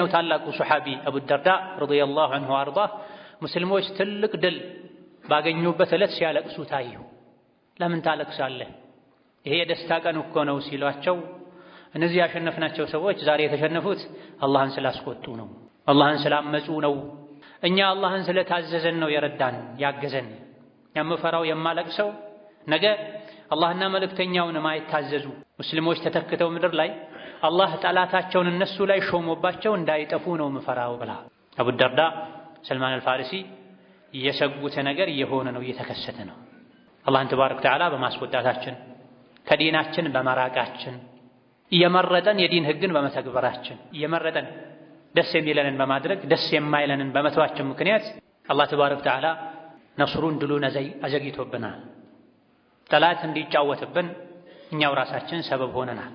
ሌላኛው ታላቁ ሱሐቢ አቡደርዳ ደርዳ ረዲየላሁ ዐንሁ አርዳ ሙስሊሞች ትልቅ ድል ባገኙበት ዕለት ሲያለቅሱ ታዩ። ለምን ታለቅሳለህ? ይሄ የደስታ ቀን እኮ ነው ሲሏቸው እነዚህ ያሸነፍናቸው ሰዎች ዛሬ የተሸነፉት አላህን ስላስቆጡ ነው፣ አላህን ስላመፁ ነው። እኛ አላህን ስለታዘዘን ነው የረዳን ያገዘን። የምፈራው የማለቅሰው ነገ አላህና መልእክተኛውን ማይታዘዙ ሙስሊሞች ተተክተው ምድር ላይ አላህ ጠላታቸውን እነሱ ላይ ሾሞባቸው እንዳይጠፉ ነው ምፈራው ብላ አቡ ደርዳ ሰልማን አልፋሪሲ የሰጉት ነገር እየሆነ ነው እየተከሰተ ነው። አላህን ተባረክ ወተዓላ በማስወጣታችን ከዲናችን በመራቃችን እየመረጠን የዲን ህግን በመተግበራችን እየመረጠን ደስ የሚለንን በማድረግ ደስ የማይለንን በመተዋችን ምክንያት አላህ ተባረክ ወተዓላ ነስሩን ድሉን አዘግይቶብናል። ጠላት እንዲጫወትብን እኛው ራሳችን ሰበብ ሆነናል።